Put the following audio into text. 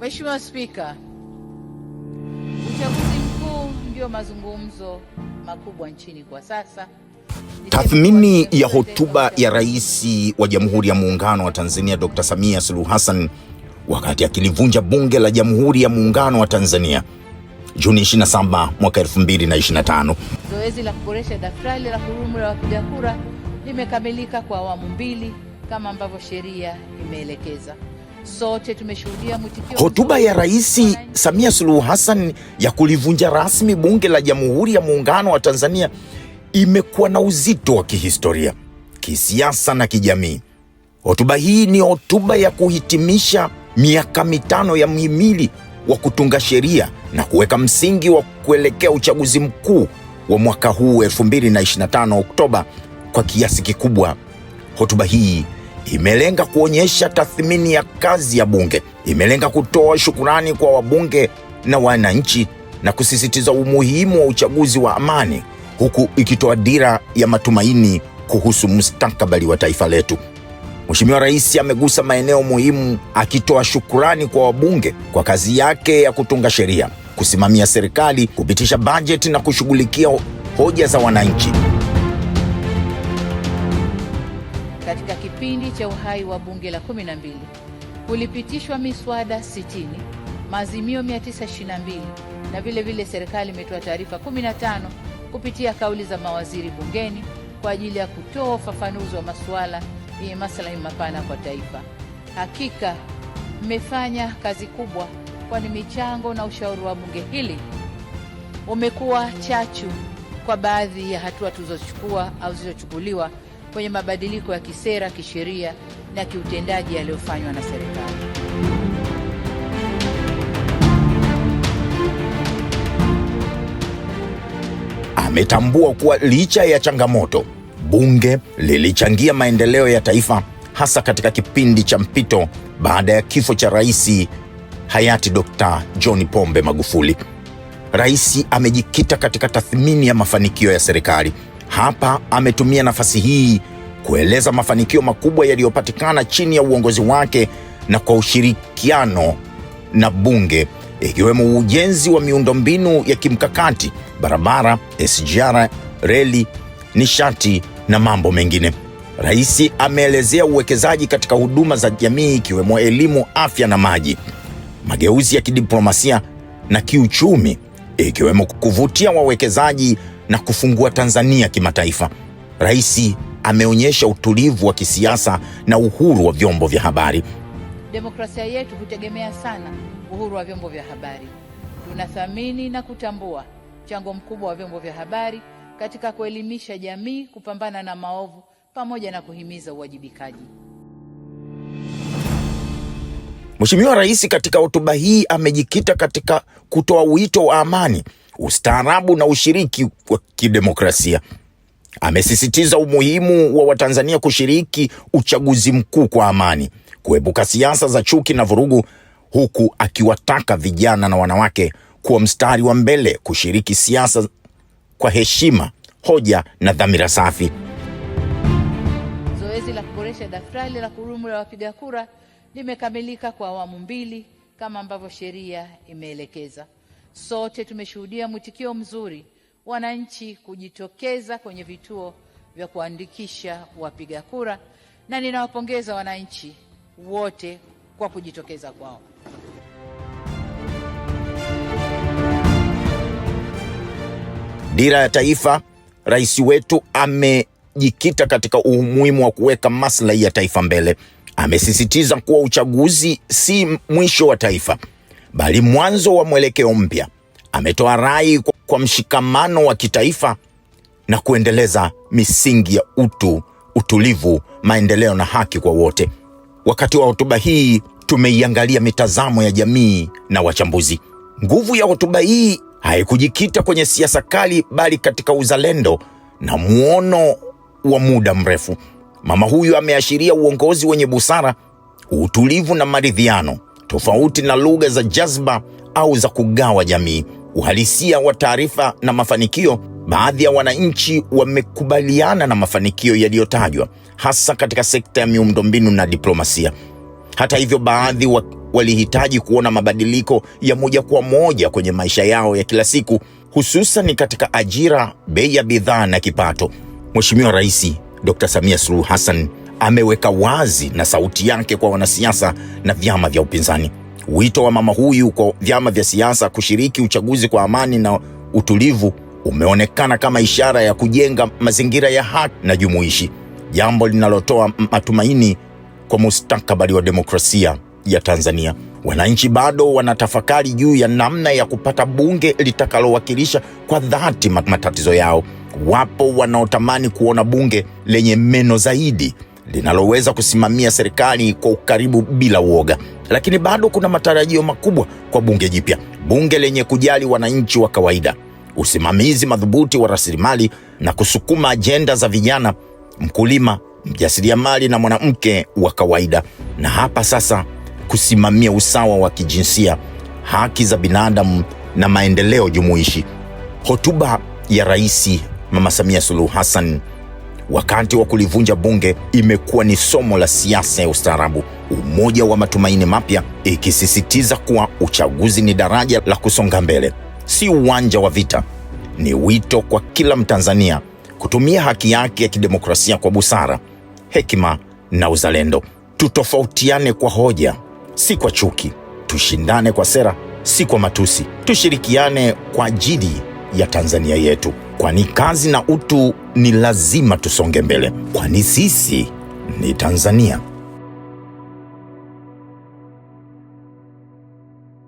Mheshimiwa Spika, uchaguzi mkuu ndio mazungumzo makubwa nchini kwa sasa. Tathmini ya hotuba ya Rais wa Jamhuri ya Muungano wa Tanzania Dr. Samia Suluhu Hassan wakati akilivunja Bunge la Jamhuri ya Muungano wa Tanzania Juni 27 mwaka 2025. Zoezi la kuboresha daftari la kudumu la wapiga kura limekamilika kwa awamu mbili kama ambavyo sheria imeelekeza. Sote tumeshuhudia mwitikio. Hotuba ya Rais Samia Suluhu Hassan ya kulivunja rasmi bunge la Jamhuri ya Muungano wa Tanzania imekuwa na uzito wa kihistoria, kisiasa na kijamii. Hotuba hii ni hotuba ya kuhitimisha miaka mitano ya mhimili wa kutunga sheria na kuweka msingi wa kuelekea uchaguzi mkuu wa mwaka huu 2025 Oktoba. Kwa kiasi kikubwa hotuba hii imelenga kuonyesha tathmini ya kazi ya Bunge, imelenga kutoa shukurani kwa wabunge na wananchi na kusisitiza umuhimu wa uchaguzi wa amani, huku ikitoa dira ya matumaini kuhusu mustakabali wa taifa letu. Mheshimiwa Rais amegusa maeneo muhimu, akitoa shukurani kwa wabunge kwa kazi yake ya kutunga sheria, kusimamia serikali, kupitisha bajeti na kushughulikia hoja za wananchi. cha uhai wa bunge la 12 kulipitishwa miswada 60, maazimio 922 na vile vile serikali imetoa taarifa 15 kupitia kauli za mawaziri bungeni kwa ajili ya kutoa ufafanuzi wa masuala yenye maslahi mapana kwa taifa. Hakika mmefanya kazi kubwa, kwani michango na ushauri wa bunge hili umekuwa chachu kwa baadhi ya hatua tulizochukua au zilizochukuliwa kwenye mabadiliko ya kisera, kisheria na kiutendaji yaliyofanywa na serikali. Ametambua kuwa licha ya changamoto, bunge lilichangia maendeleo ya taifa hasa katika kipindi cha mpito baada ya kifo cha Rais hayati Dkt. John Pombe Magufuli. Rais amejikita katika tathmini ya mafanikio ya serikali. Hapa ametumia nafasi hii kueleza mafanikio makubwa yaliyopatikana chini ya uongozi wake na kwa ushirikiano na Bunge, ikiwemo ujenzi wa miundombinu ya kimkakati, barabara, SGR, reli, nishati na mambo mengine. Rais ameelezea uwekezaji katika huduma za jamii ikiwemo elimu, afya na maji, mageuzi ya kidiplomasia na kiuchumi, ikiwemo kuvutia wawekezaji na kufungua Tanzania kimataifa. Rais ameonyesha utulivu wa kisiasa na uhuru wa vyombo vya habari. Demokrasia yetu hutegemea sana uhuru wa vyombo vya habari. Tunathamini na kutambua mchango mkubwa wa vyombo vya habari katika kuelimisha jamii, kupambana na maovu pamoja na kuhimiza uwajibikaji. Mheshimiwa Rais katika hotuba hii amejikita katika kutoa wito wa amani ustaarabu na ushiriki wa kidemokrasia. Amesisitiza umuhimu wa Watanzania kushiriki uchaguzi mkuu kwa amani, kuepuka siasa za chuki na vurugu, huku akiwataka vijana na wanawake kuwa mstari wa mbele kushiriki siasa kwa heshima, hoja na dhamira safi. Zoezi la kuboresha daftari la kudumu la wapiga kura limekamilika kwa awamu mbili kama ambavyo sheria imeelekeza. Sote tumeshuhudia mwitikio mzuri wananchi kujitokeza kwenye vituo vya kuandikisha wapiga kura, na ninawapongeza wananchi wote kwa kujitokeza kwao. Dira ya Taifa, rais wetu amejikita katika umuhimu wa kuweka maslahi ya taifa mbele. Amesisitiza kuwa uchaguzi si mwisho wa taifa bali mwanzo wa mwelekeo mpya. Ametoa rai kwa mshikamano wa kitaifa na kuendeleza misingi ya utu, utulivu, maendeleo na haki kwa wote. Wakati wa hotuba hii tumeiangalia mitazamo ya jamii na wachambuzi. Nguvu ya hotuba hii haikujikita kwenye siasa kali, bali katika uzalendo na muono wa muda mrefu. Mama huyu ameashiria uongozi wenye busara, utulivu na maridhiano tofauti na lugha za jazba au za kugawa jamii. Uhalisia wa taarifa na mafanikio. Baadhi ya wananchi wamekubaliana na mafanikio yaliyotajwa, hasa katika sekta ya miundombinu na diplomasia. Hata hivyo, baadhi wa walihitaji kuona mabadiliko ya moja kwa moja kwenye maisha yao ya kila siku, hususan katika ajira, bei ya bidhaa na kipato. Mheshimiwa Rais Dr. Samia Suluhu Hassan ameweka wazi na sauti yake kwa wanasiasa na vyama vya upinzani. Wito wa mama huyu kwa vyama vya siasa kushiriki uchaguzi kwa amani na utulivu umeonekana kama ishara ya kujenga mazingira ya haki na jumuishi, jambo linalotoa matumaini kwa mustakabali wa demokrasia ya Tanzania. Wananchi bado wanatafakari juu ya namna ya kupata bunge litakalowakilisha kwa dhati matatizo yao. Wapo wanaotamani kuona bunge lenye meno zaidi linaloweza kusimamia serikali kwa ukaribu bila uoga. Lakini bado kuna matarajio makubwa kwa bunge jipya, bunge lenye kujali wananchi wa kawaida, usimamizi madhubuti wa rasilimali na kusukuma ajenda za vijana, mkulima, mjasiriamali na mwanamke wa kawaida, na hapa sasa kusimamia usawa wa kijinsia, haki za binadamu na maendeleo jumuishi. Hotuba ya Rais Mama Samia Suluhu Hassan wakati wa kulivunja bunge imekuwa ni somo la siasa ya ustaarabu, umoja wa matumaini mapya, ikisisitiza kuwa uchaguzi ni daraja la kusonga mbele, si uwanja wa vita. Ni wito kwa kila Mtanzania kutumia haki yake ya kidemokrasia kwa busara, hekima na uzalendo. Tutofautiane kwa hoja, si kwa chuki. Tushindane kwa sera, si kwa matusi. Tushirikiane kwa ajili ya Tanzania yetu kwani kazi na utu ni lazima tusonge mbele, kwani sisi ni Tanzania.